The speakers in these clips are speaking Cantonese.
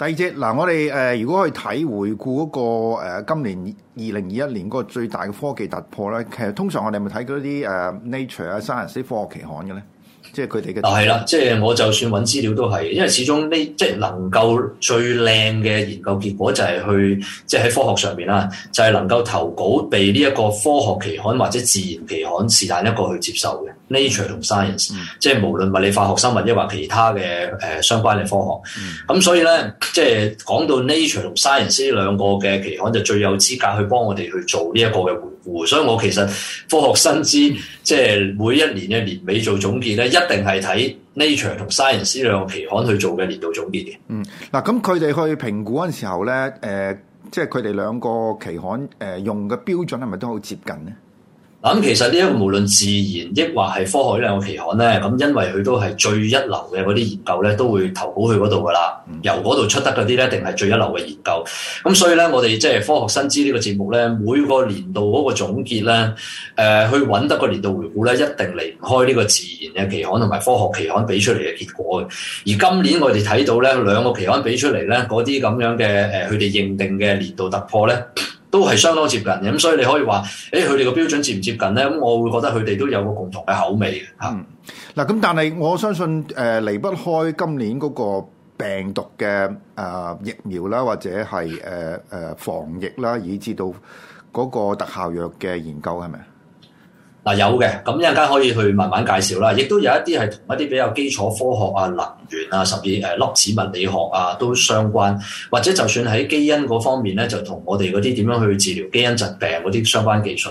第二隻嗱，我哋誒、呃、如果去睇回顧嗰、那個、呃、今年二零二一年嗰個最大嘅科技突破咧，其實通常我哋咪睇嗰啲誒 Nature 啊、《Science》科學期刊嘅咧，即係佢哋嘅。嗱係啦，即係我就算揾資料都係，因為始終呢即係能夠最靚嘅研究結果就係去即係喺科學上面啦，就係、是、能夠投稿被呢一個科學期刊或者自然期刊是但一個去接受嘅。Nature 同 Science，嗯、即係無論物理、化學、生物，抑或其他嘅誒、呃、相關嘅科學。咁、嗯、所以咧，即係講到 Nature 同 Science 呢兩個嘅期刊就最有資格去幫我哋去做呢一個嘅回顧。所以我其實科學新知，即係每一年嘅年尾做總結咧，一定係睇 Nature 同 Science 呢兩個期刊去做嘅年度總結嘅。嗯，嗱，咁佢哋去評估嗰陣時候咧，誒、呃，即係佢哋兩個期刊誒、呃、用嘅標準係咪都好接近咧？咁，其實呢一個無論自然，亦或係科學兩個期刊呢，咁因為佢都係最一流嘅嗰啲研究呢，都會投稿去嗰度㗎喇。由嗰度出得嗰啲呢，定係最一流嘅研究。咁所以呢，我哋即係科學新知呢個節目呢，每個年度嗰個總結呢、呃，去揾得個年度回顧呢，一定離唔開呢個自然嘅期刊同埋科學期刊俾出嚟嘅結果嘅。而今年我哋睇到呢兩個期刊俾出嚟呢，嗰啲咁樣嘅誒，佢哋認定嘅年度突破呢，都係相當接近嘅，咁所以你可以話，誒佢哋個標準接唔接近咧？咁我會覺得佢哋都有個共同嘅口味嘅嚇、嗯。嗱，咁但係我相信誒，離不開今年嗰個病毒嘅誒疫苗啦，或者係誒誒防疫啦，以至到嗰個特效藥嘅研究係咪？有嘅，咁一陣間可以去慢慢介紹啦。亦都有一啲係同一啲比較基礎科學啊、能源啊，甚至誒粒子物理學啊，都相關。或者就算喺基因嗰方面咧，就同我哋嗰啲點樣去治療基因疾病嗰啲相關技術。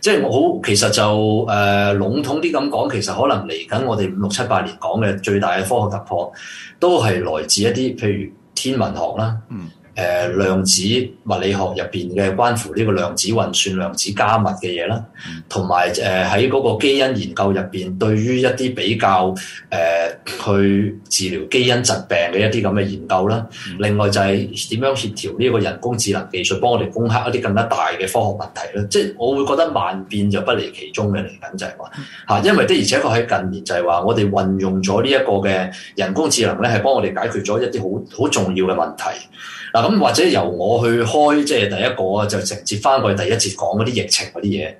即係好，其實就誒、呃，籠統啲咁講，其實可能嚟緊我哋五六七八年講嘅最大嘅科學突破，都係來自一啲譬如天文學啦。嗯。誒、呃、量子物理學入邊嘅關乎呢個量子運算、量子加密嘅嘢啦，同埋誒喺嗰個基因研究入邊，對於一啲比較誒、呃、去治療基因疾病嘅一啲咁嘅研究啦。嗯、另外就係點樣協調呢個人工智能技術，幫我哋攻克一啲更加大嘅科學問題咧。即係、嗯、我會覺得萬變就不離其宗嘅嚟緊就係話嚇，因為的而且確喺近年就係話，我哋運用咗呢一個嘅人工智能咧，係幫我哋解決咗一啲好好重要嘅問題。嗱，咁或者由我去開，即係第一個啊，就直接翻過去第一節講嗰啲疫情嗰啲嘢。誒、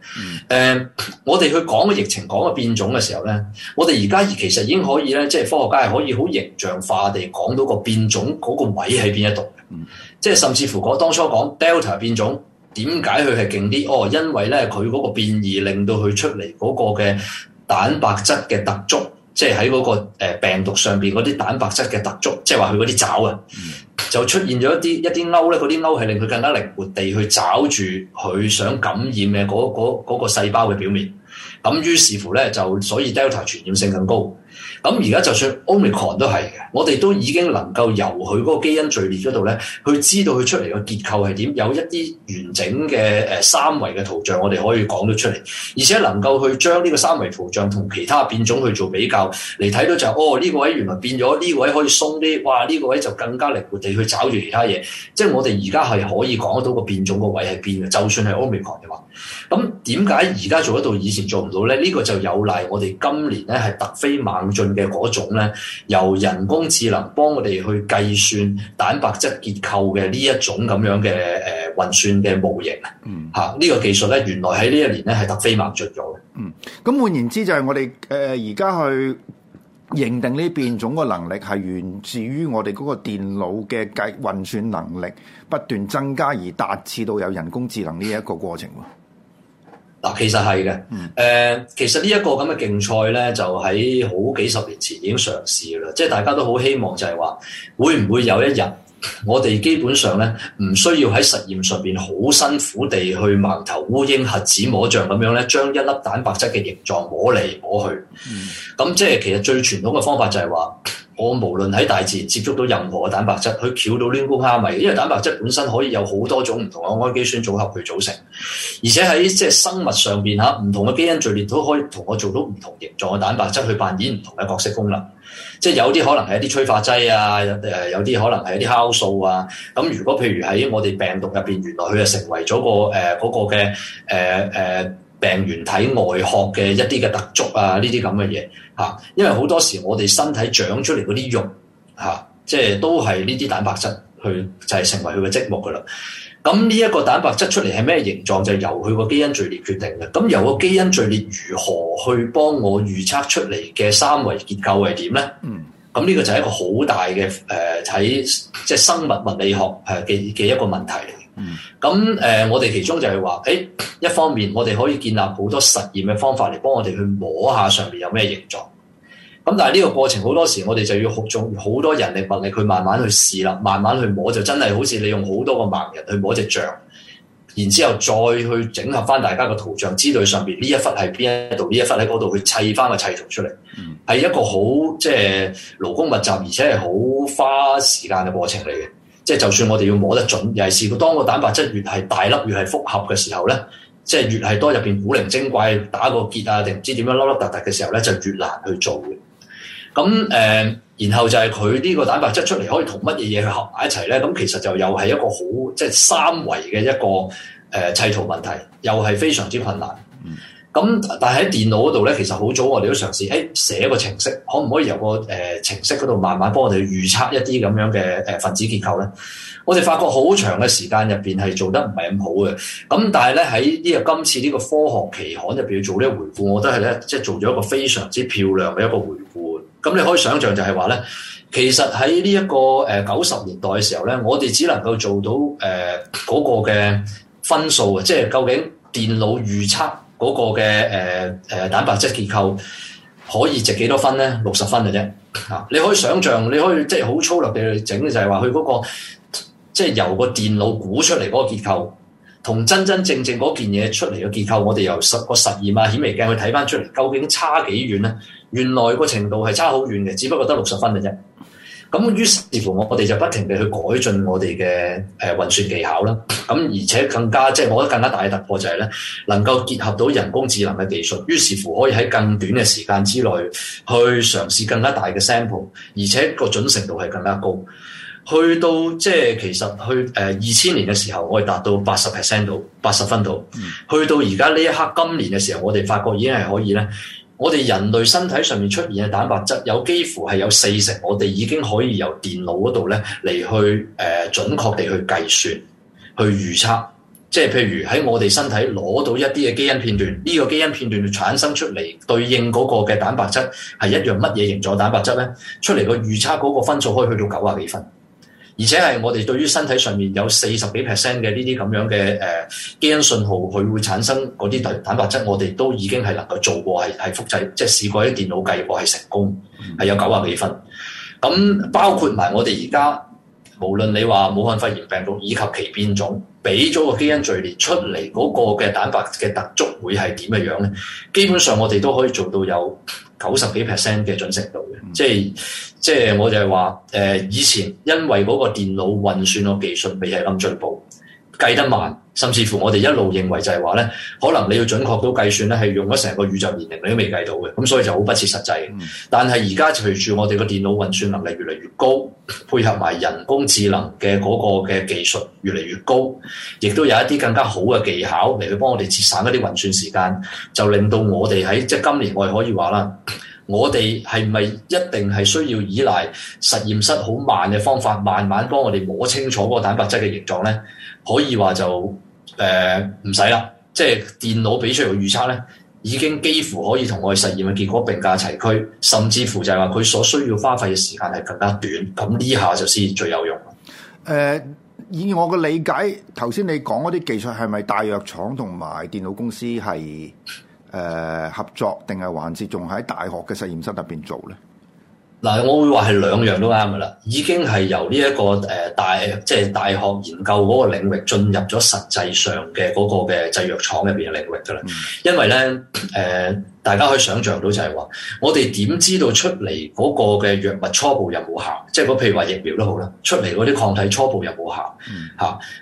嗯 uh,，我哋去講嘅疫情講嘅變種嘅時候咧，我哋而家其實已經可以咧，即係科學家係可以好形象化地講到個變種嗰、那個位喺邊一度嘅。嗯、即係甚至乎我當初講 Delta 變種點解佢係勁啲？哦，oh, 因為咧佢嗰個變異令到佢出嚟嗰個嘅蛋白質嘅特種，即係喺嗰個病毒上邊嗰啲蛋白質嘅突觸，即係話佢嗰啲爪啊，嗯、就出現咗一啲一啲勾咧，嗰啲勾係令佢更加靈活地去找住佢想感染嘅嗰嗰個細胞嘅表面。咁於是乎咧，就所以 Delta 傳染性更高。咁而家就算 Omicron 都係嘅，我哋都已經能夠由佢嗰個基因序列嗰度咧，去知道佢出嚟個結構係點，有一啲完整嘅誒三維嘅圖像，我哋可以講得出嚟，而且能夠去將呢個三維圖像同其他變種去做比較，嚟睇到就係、哦呢個位原來變咗，呢個位可以鬆啲，哇呢個位就更加靈活地去找住其他嘢，即係我哋而家係可以講得到個變種個位係變嘅，就算係 Omicron 嘅話，咁點解而家做得到以前做唔到咧？呢個就有賴我哋今年咧係突飛猛進。嘅嗰種咧，由人工智能幫我哋去計算蛋白質結構嘅呢一種咁樣嘅誒、呃、運算嘅模型、嗯、啊，嚇、這、呢個技術咧，原來喺呢一年咧係突飛猛進咗嘅。嗯，咁換言之就係我哋誒而家去認定呢變種嘅能力係源自於我哋嗰個電腦嘅計運算能力不斷增加，而達至到有人工智能呢一個過程 嗱、呃，其實係嘅，誒，其實呢一個咁嘅競賽咧，就喺好幾十年前已經嘗試啦，即係大家都好希望就係話，會唔會有一日，我哋基本上咧，唔需要喺實驗上邊好辛苦地去盲頭烏蠅核子摸象咁樣咧，將一粒蛋白質嘅形狀摸嚟摸去，咁、嗯、即係其實最傳統嘅方法就係話，我無論喺大自然接觸到任何嘅蛋白質，佢竅到亂估蝦米，因為蛋白質本身可以有好多種唔同嘅氨基酸組合去組成，而且喺即係生物上邊嚇唔同嘅基因序列都可以同我做到唔同形狀嘅蛋白質去扮演唔同嘅角色功能，即係有啲可能係一啲催化劑啊，誒有啲可能係一啲酵素啊。咁如果譬如喺我哋病毒入邊，原來佢係成為咗個誒嗰、呃嗰個嘅誒誒。呃呃病原體外殼嘅一啲嘅特徵啊，呢啲咁嘅嘢嚇，因為好多時我哋身體長出嚟嗰啲肉嚇、啊，即係都係呢啲蛋白質去就係、是、成為佢嘅積木噶啦。咁呢一個蛋白質出嚟係咩形狀，就是、由佢個基因序列決定嘅。咁、啊、由個基因序列如何去幫我預測出嚟嘅三維結構係點呢？嗯，咁呢、啊這個就係一個好大嘅誒喺即係生物物理學嘅嘅一個問題嚟嗯，咁誒、呃，我哋其中就係話，誒一方面，我哋可以建立好多實驗嘅方法嚟幫我哋去摸下上面有咩形狀。咁、嗯、但係呢個過程好多時，我哋就要用好多人力物力去慢慢去試啦，慢慢去摸就真係好似你用好多個盲人去摸隻象，然之後再去整合翻大家個圖像之類上面呢一忽係邊一度，呢一忽喺嗰度去砌翻個砌圖出嚟，係、嗯、一個好即係勞工密集，而且係好花時間嘅過程嚟嘅。即係就算我哋要摸得準，尤其是當個蛋白質越係大粒，越係複合嘅時候咧，即係越係多入邊古靈精怪打個結啊，定唔知點樣凹凹凸凸嘅時候咧，就越難去做嘅。咁誒、呃，然後就係佢呢個蛋白質出嚟可以同乜嘢嘢去合埋一齊咧？咁其實就又係一個好即係、就是、三維嘅一個誒、呃、砌圖問題，又係非常之困難。嗯咁但係喺電腦嗰度咧，其實好早我哋都嘗試，誒寫一個程式，可唔可以由個誒程式嗰度慢慢幫我哋預測一啲咁樣嘅誒分子結構咧？我哋發覺好長嘅時間入邊係做得唔係咁好嘅。咁但係咧喺呢個今次呢個科學期刊入邊做呢個回顧，我覺得係咧即係做咗一個非常之漂亮嘅一個回顧。咁你可以想象就係話咧，其實喺呢一個誒九十年代嘅時候咧，我哋只能夠做到誒嗰個嘅分數啊，即係究竟電腦預測。嗰個嘅誒誒蛋白質結構可以值幾多分呢？六十分嘅啫，嚇、啊！你可以想象，你可以即係好粗略地去整咧，就係話佢嗰個即係由個電腦估出嚟嗰個結構，同真真正正嗰件嘢出嚟嘅結構，我哋由實個實驗啊顯微鏡去睇翻出嚟，究竟差幾遠呢？原來個程度係差好遠嘅，只不過得六十分嘅啫。咁於是乎，我哋就不停地去改進我哋嘅誒運算技巧啦。咁而且更加即係、就是、我覺得更加大嘅突破就係咧，能夠結合到人工智能嘅技術，於是乎可以喺更短嘅時間之內去嘗試更加大嘅 sample，而且個準成度係更加高。去到即係其實去誒二千年嘅時候，我哋達到八十 percent 度，八十分度。嗯、去到而家呢一刻，今年嘅時候，我哋發覺已經係可以咧。我哋人類身體上面出現嘅蛋白質，有幾乎係有四成，我哋已經可以由電腦嗰度咧嚟去誒、呃、準確地去計算、去預測。即係譬如喺我哋身體攞到一啲嘅基因片段，呢、這個基因片段產生出嚟對應嗰個嘅蛋白質係一樣乜嘢形狀蛋白質呢？出嚟個預測嗰個分數可以去到九啊幾分？而且係我哋對於身體上面有四十幾 percent 嘅呢啲咁樣嘅誒、呃、基因信號，佢會產生嗰啲蛋蛋白質，我哋都已經係能夠做過，係係複製，即係試過喺電腦計過係成功，係有九啊幾分。咁包括埋我哋而家，無論你話武漢肺炎病毒以及其變種。俾咗個基因序列出嚟嗰個嘅蛋白嘅特徵會係點嘅樣咧？基本上我哋都可以做到有九十幾 percent 嘅準成度嘅、嗯，即係即係我就係話誒，以前因為嗰個電腦運算個技術未係咁進步。計得慢，甚至乎我哋一路認為就係話呢，可能你要準確到計算呢係用咗成個宇宙年齡你都未計到嘅，咁所以就好不切實際。但係而家隨住我哋個電腦運算能力越嚟越高，配合埋人工智能嘅嗰個嘅技術越嚟越高，亦都有一啲更加好嘅技巧嚟去幫我哋節省一啲運算時間，就令到我哋喺即係今年我哋可以話啦。我哋係咪一定係需要依賴實驗室好慢嘅方法，慢慢幫我哋摸清楚嗰個蛋白質嘅形狀呢？可以話就誒唔使啦，即係電腦俾出嚟嘅預測呢，已經幾乎可以同我哋實驗嘅結果並駕齊驅，甚至乎就係話佢所需要花費嘅時間係更加短。咁呢下就先最有用。誒、呃，以我嘅理解，頭先你講嗰啲技術係咪大藥廠同埋電腦公司係？誒、呃、合作定係還是仲喺大學嘅實驗室入邊做咧？嗱，我會話係兩樣都啱噶啦，已經係由呢、這、一個誒、呃、大即係大學研究嗰個領域進入咗實際上嘅嗰個嘅製藥廠入邊嘅領域噶啦，嗯、因為咧誒。呃大家可以想象到就係話，我哋點知道出嚟嗰個嘅藥物初步有冇效？即係譬如話疫苗都好啦，出嚟嗰啲抗體初步有冇效？嚇、嗯！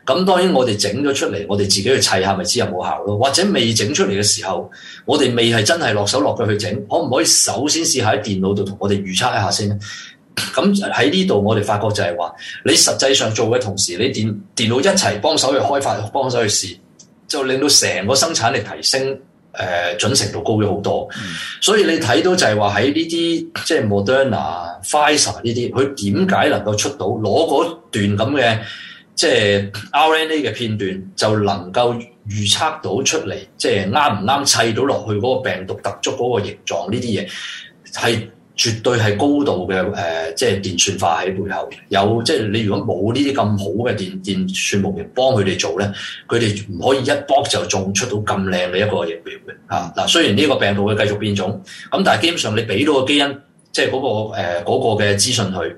咁、啊、當然我哋整咗出嚟，我哋自己去砌下，咪知有冇效咯。或者未整出嚟嘅時候，我哋未係真係落手落腳去整，可唔可以首先試下喺電腦度同我哋預測一下先咧？咁喺呢度我哋發覺就係話，你實際上做嘅同時，你電電腦一齊幫手去開發，幫手去試，就令到成個生產力提升。誒、呃、準程度高咗好多，嗯、所以你睇到就係話喺呢啲即係 Moderna、Pfizer 呢啲，佢點解能夠出到攞嗰段咁嘅即係 RNA 嘅片段，就能夠預測到出嚟，即係啱唔啱砌到落去嗰個病毒突觸嗰個形狀呢啲嘢係。絕對係高度嘅誒、呃，即係電算化喺背後。有即係你如果冇呢啲咁好嘅電電算模型幫佢哋做咧，佢哋唔可以一卜就種出到咁靚嘅一個疫苗嘅嚇。嗱、啊，雖然呢個病毒會繼續變種，咁、啊、但係基本上你俾到個基因，即係嗰、那個誒嘅資訊去，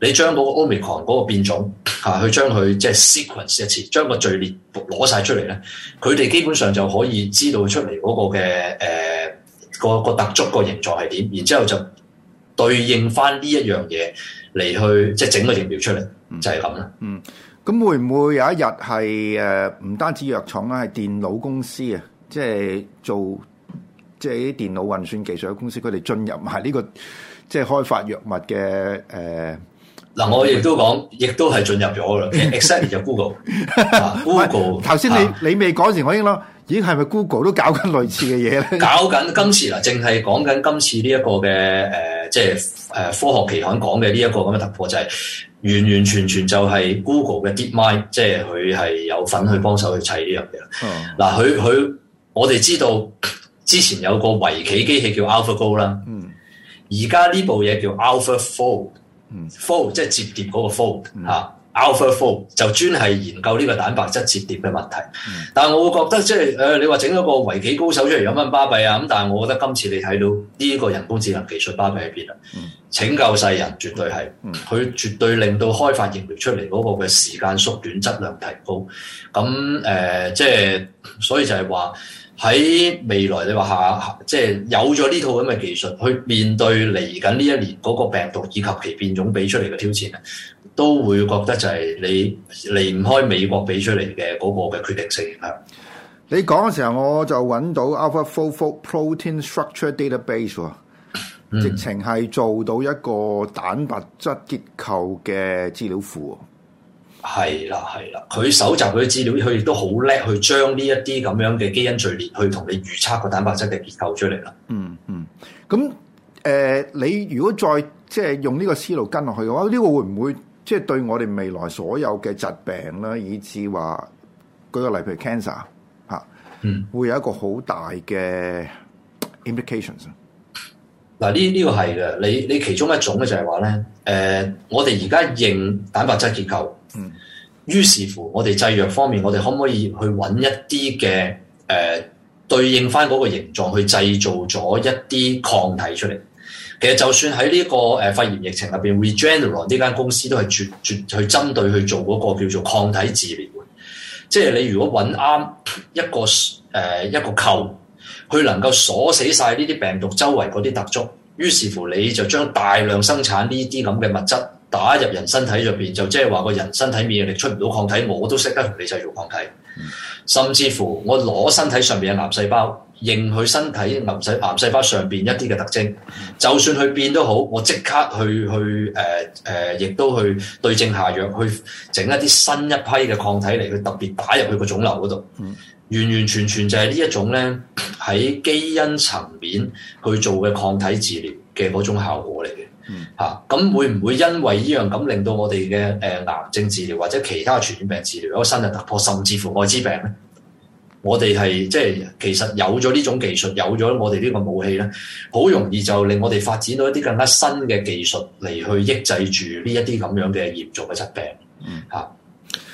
你將嗰個奧密克戎嗰個變種嚇、啊，去將佢即係 sequence 一次，將個序列攞晒出嚟咧，佢哋基本上就可以知道出嚟嗰個嘅誒、呃那個、那個突觸個形狀係點，然之後就。對應翻呢一樣嘢嚟去，即係整個疫苗出嚟，就係咁啦。嗯，咁會唔會有一日係誒唔單止藥廠啦，係電腦公司啊，即係做即係啲電腦運算技術嘅公司，佢哋進入埋呢個即係開發藥物嘅誒？嗱，我亦都講，亦都係進入咗啦。exactly 就 Google，Google。頭先你你未講時，我已經咯。已經係咪 Google 都搞緊類似嘅嘢咧？搞緊今次嗱，淨係講緊今次呢一個嘅誒。即係誒科學期刊講嘅呢一個咁嘅突破就係完完全全就係 Google 嘅 DeepMind，即係佢係有份去幫手去砌呢樣嘢。嗱、嗯，佢佢我哋知道之前有個圍棋機器叫 AlphaGo 啦，嗯，而家呢部嘢叫 AlphaFold，嗯，Fold 即係折疊嗰個 Fold 嚇、嗯。啊 AlphaFold 就專係研究呢個蛋白質摺疊嘅問題，嗯、但係我會覺得即係誒、呃，你話整咗個圍棋高手出嚟有乜巴閉啊！咁但係我覺得今次你睇到呢個人工智能技術巴閉喺邊啊？嗯、拯救世人絕對係，佢、嗯、絕對令到開發疫苗出嚟嗰個嘅時間縮短、質量提高。咁誒、呃，即係所以就係話。喺未來你話下，即係有咗呢套咁嘅技術，去面對嚟緊呢一年嗰個病毒以及其變種俾出嚟嘅挑戰咧，都會覺得就係你離唔開美國俾出嚟嘅嗰個嘅決定性嚇。你講嘅時候，我就揾到 AlphaFold Protein Structure Database，嗯，直情係做到一個蛋白質結構嘅資料庫。係啦，係啦，佢搜集佢嘅資料，佢亦都好叻，去將呢一啲咁樣嘅基因序列，去同你預測個蛋白質嘅結構出嚟啦，嗯。嗯嗯。咁誒、呃，你如果再即係用呢個思路跟落去嘅話，呢、這個會唔會即係對我哋未來所有嘅疾病啦，以至話舉個例譬如 cancer 吓、啊，嗯，會有一個好大嘅 implications，嗯。嗱、嗯、呢、這、呢個係嘅、這個，你你其中一種咧就係話咧，誒、呃，我哋而家認蛋白質結構。嗯，於是乎，我哋製藥方面，我哋可唔可以去揾一啲嘅誒對應翻嗰個形狀，去製造咗一啲抗體出嚟？其實就算喺呢、這個誒、呃、肺炎疫情入邊，Regeneron 呢間公司都係絕絕去針對去做嗰個叫做抗體治療嘅，即係你如果揾啱一個誒、呃、一個扣，佢能夠鎖死晒呢啲病毒周圍嗰啲突觸，於是乎你就將大量生產呢啲咁嘅物質。打入人身體入邊，就即係話個人身體免疫力出唔到抗體，我都識得同你製造抗體。甚至乎我攞身體上邊嘅癌細胞，認佢身體癌細癌細胞上邊一啲嘅特徵，嗯、就算佢變都好，我即刻去去誒誒、呃呃，亦都去對症下藥，去整一啲新一批嘅抗體嚟，去特別打入去個腫瘤嗰度。完完全全就係呢一種呢，喺基因層面去做嘅抗體治療嘅嗰種效果嚟嘅。嗯，吓咁會唔會因為呢樣咁令到我哋嘅，誒癌症治療或者其他傳染病治療有新嘅突破，甚至乎愛滋病咧？我哋係即係其實有咗呢種技術，有咗我哋呢個武器咧，好容易就令我哋發展到一啲更加新嘅技術嚟去抑制住呢一啲咁樣嘅嚴重嘅疾病。嗯，吓。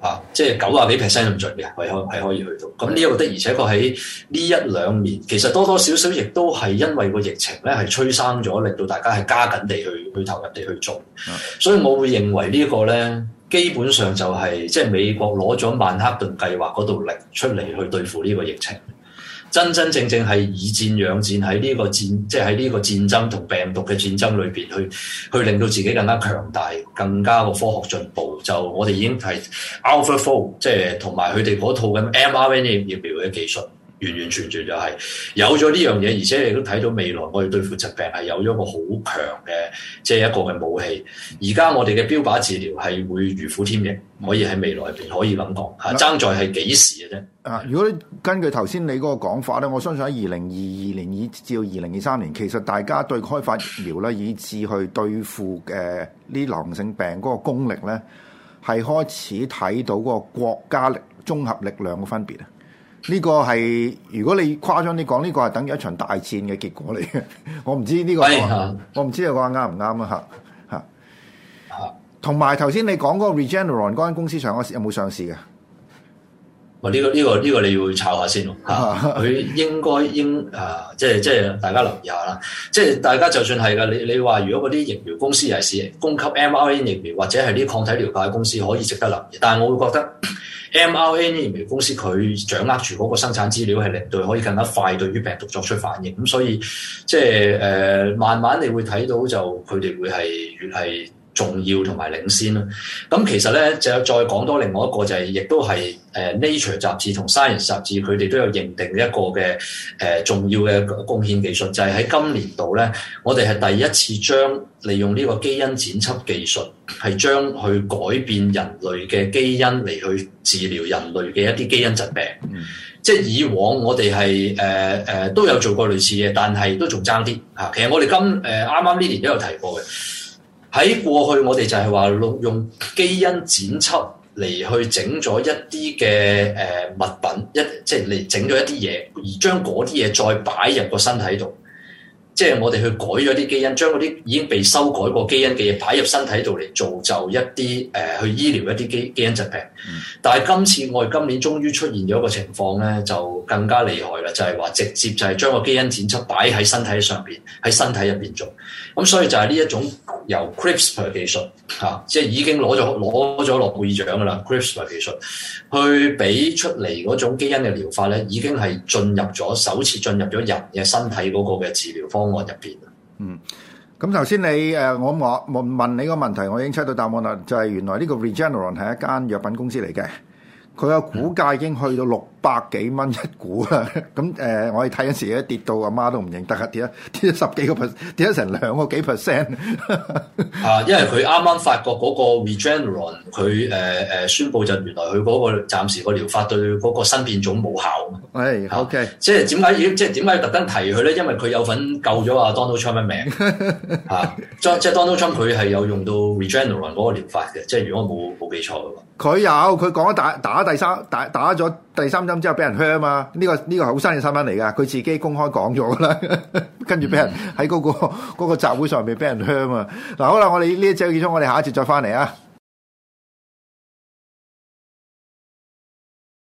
啊，即係九啊幾 percent 咁盡嘅，係可係可以去到。咁呢一個的，而且確喺呢一兩年，其實多多少少亦都係因為個疫情咧，係催生咗，令到大家係加緊地去去投入地去做。所以，我會認為呢一個咧，基本上就係即係美國攞咗曼克頓計劃嗰度力出嚟去對付呢個疫情。真真正正係以戰養戰，喺呢個戰，即係喺呢個戰爭同病毒嘅戰爭裏邊，去去令到自己更加強大，更加個科學進步。就我哋已經係 AlphaFold，即係同埋佢哋嗰套咁 mRNA 疫苗嘅技術。完完全全就係、是、有咗呢樣嘢，而且你都睇到未來，我哋對付疾病係有咗個好強嘅，即係一個嘅、就是、武器。而家我哋嘅標靶治療係會如虎添翼，嗯、以可以喺未來入邊可以諗到，爭、嗯、在係幾時嘅啫？啊！如果根據頭先你嗰個講法咧，我相信喺二零二二年以至到二零二三年，其實大家對開發疫苗咧，以至去對付嘅呢流行性病嗰個功力咧，係開始睇到嗰個國家力綜合力量嘅分別啊！呢個係如果你誇張啲講，呢、這個係等於一場大戰嘅結果嚟嘅。 我唔知呢、這個，是我唔知你講啱唔啱啊！嚇嚇同埋頭先你講嗰個 Regeneron 嗰間公司上嗰時有冇上市嘅？哇、這個！呢、這個呢個呢個你要炒下先咯。佢、啊、 應該應啊，即係即係大家留意下啦。即係大家就算係噶，你你話如果嗰啲疫苗公司係市供給 mRNA 疫苗或者係啲抗體療法嘅公司，可以值得留意。但係我會覺得。M R N 呢、e？疫苗公司佢掌握住嗰個生產資料，係令到可以更加快對於病毒作出反應，咁所以即係誒、呃、慢慢你會睇到就佢哋會係越係。重要同埋領先啦，咁其實咧就再講多另外一個就係、是，亦都係誒 Nature 雜誌同 Science 雜誌，佢哋都有認定一個嘅誒、呃、重要嘅貢獻技術，就係、是、喺今年度咧，我哋係第一次將利用呢個基因剪輯技術，係將去改變人類嘅基因嚟去治療人類嘅一啲基因疾病。嗯、即係以往我哋係誒誒都有做過類似嘅，但係都仲爭啲吓。其實我哋今誒啱啱呢年都有提過嘅。喺過去我哋就係話用基因剪輯嚟去整咗一啲嘅物品，一即係嚟整咗一啲嘢，而將嗰啲嘢再擺入個身體度。即係我哋去改咗啲基因，將嗰啲已經被修改過基因嘅嘢擺入身體度嚟造就一啲誒、呃、去醫療一啲基基因疾病。但係今次我哋今年終於出現咗一個情況咧，就更加厲害啦，就係、是、話直接就係將個基因剪輯擺喺身體上邊，喺身體入邊做。咁所以就係呢一種由 CRISPR 技術嚇、啊，即係已經攞咗攞咗諾貝爾獎噶啦 CRISPR 技術，去俾出嚟嗰種基因嘅療法咧，已經係進入咗首次進入咗人嘅身體嗰個嘅治療方法。我入邊嗯，咁頭先你誒我、呃、我問問你個問題，我已經猜到答案啦，就係、是、原來呢個 Regeneron 係一間藥品公司嚟嘅。佢個股價已經去到六百幾蚊一股啊！咁誒，我哋睇緊時咧跌到阿媽都唔認得，跌啊跌咗十幾個 per 跌咗成兩個幾 percent。啊，因為佢啱啱發覺嗰個 Regeneron 佢誒誒宣佈就原來佢嗰個暫時個療法對嗰個新變種冇效。喂，OK，即係點解要即係點解特登提佢咧？因為佢有份救咗阿 Donald Trump 嘅命。嚇，即係 Donald Trump 佢係有用到 Regeneron 嗰個療法嘅，即係如果冇冇記錯嘅佢有佢講打打。第三打打咗第三針之後俾人 hack 嘛？呢、這個呢、這個係好新嘅新聞嚟㗎，佢自己公開講咗㗎啦， 跟住俾人喺嗰、mm hmm. 那個那個集會上面俾人 hack 啊！嗱，好啦，我哋呢一節結束，我哋下一節再翻嚟啊！